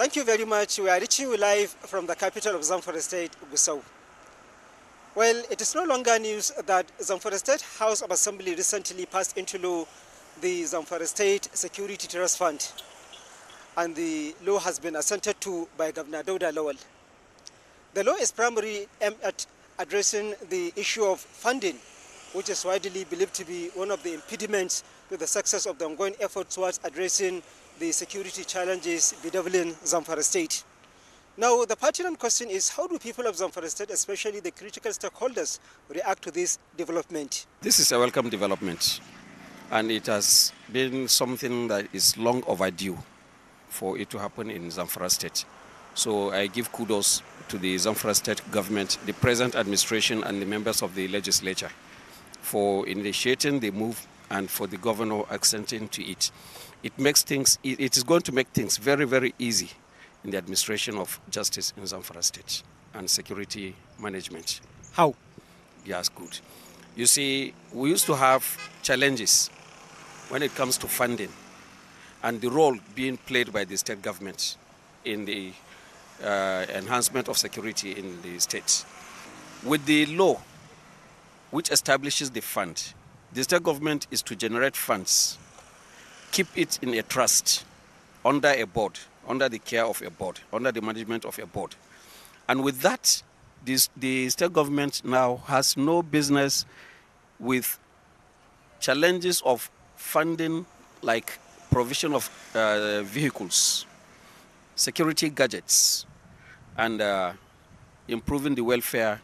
Thank you very much. We are reaching you live from the capital of Zamfara State, Gusau. Well, it is no longer news that Zamfara State House of Assembly recently passed into law the Zamfara State Security Trust Fund, and the law has been assented to by Governor Dauda Lowell. The law is primarily aimed at addressing the issue of funding, which is widely believed to be one of the impediments to the success of the ongoing effort towards addressing the security challenges bedeviling Zamfara State. Now, the pertinent question is how do people of Zamfara State, especially the critical stakeholders, react to this development? This is a welcome development, and it has been something that is long overdue for it to happen in Zamfara State. So I give kudos to the Zamfara State government, the present administration, and the members of the legislature for initiating the move and for the governor accenting to it. It makes things, it is going to make things very, very easy in the administration of justice in Zamfara State and security management. How? Yes, good. You see, we used to have challenges when it comes to funding and the role being played by the state government in the uh, enhancement of security in the state. With the law which establishes the fund, the state government is to generate funds, keep it in a trust under a board, under the care of a board, under the management of a board. And with that, this, the state government now has no business with challenges of funding like provision of uh, vehicles, security gadgets, and uh, improving the welfare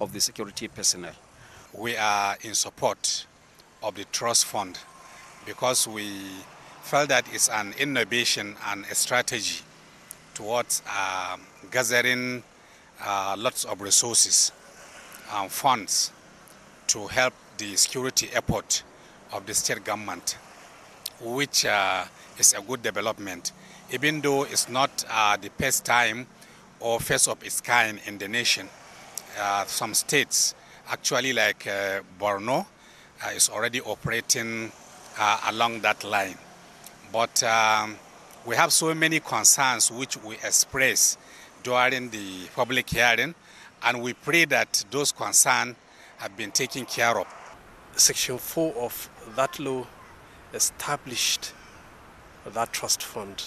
of the security personnel we are in support of the trust fund because we felt that it's an innovation and a strategy towards uh, gathering uh, lots of resources and funds to help the security effort of the state government, which uh, is a good development, even though it's not uh, the first time or first of its kind in the nation. Uh, some states Actually, like uh, Borno uh, is already operating uh, along that line. But um, we have so many concerns which we express during the public hearing, and we pray that those concerns have been taken care of. Section 4 of that law established that trust fund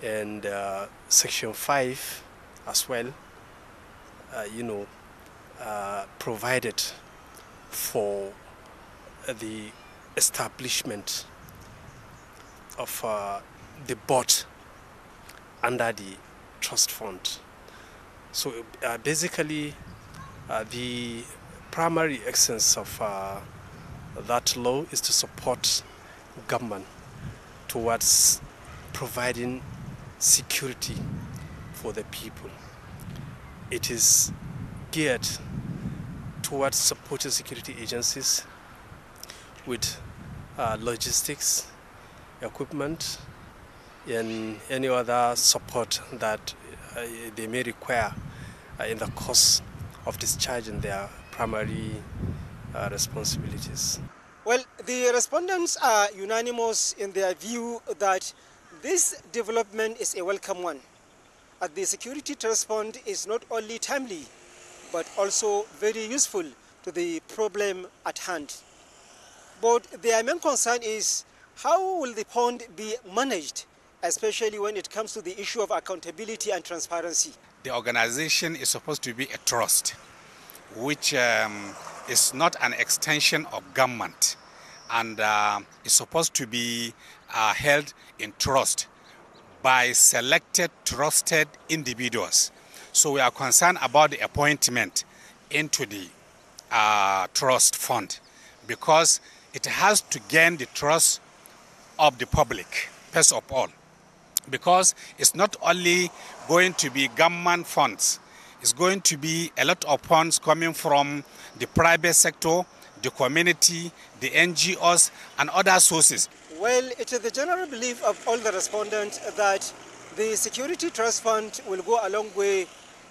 and uh, section 5 as well uh, you know uh, provided for the establishment of uh, the board under the trust fund. So uh, basically, uh, the primary essence of uh, that law is to support government towards providing security for the people. It is geared towards supporting security agencies with uh, logistics, equipment, and any other support that uh, they may require uh, in the course of discharging their primary uh, responsibilities. Well, the respondents are unanimous in their view that this development is a welcome one. But the security response is not only timely, but also very useful to the problem at hand. But their main concern is how will the pond be managed, especially when it comes to the issue of accountability and transparency? The organization is supposed to be a trust, which um, is not an extension of government and uh, is supposed to be uh, held in trust by selected, trusted individuals so we are concerned about the appointment into the uh, trust fund because it has to gain the trust of the public, first of all. Because it's not only going to be government funds, it's going to be a lot of funds coming from the private sector, the community, the NGOs, and other sources. Well, it is the general belief of all the respondents that the Security Trust Fund will go a long way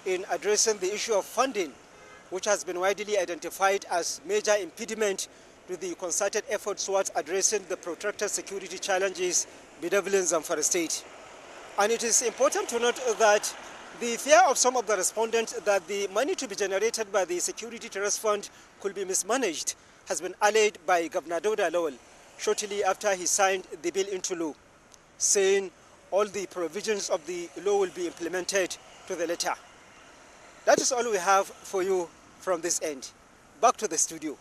in addressing the issue of funding, which has been widely identified as major impediment to the concerted efforts towards addressing the protracted security challenges bedeviling Zamfara State. And it is important to note that the fear of some of the respondents that the money to be generated by the Security Trust Fund could be mismanaged has been allayed by Governor Doda Lowell shortly after he signed the bill into law, saying all the provisions of the law will be implemented to the letter. That is all we have for you from this end. Back to the studio.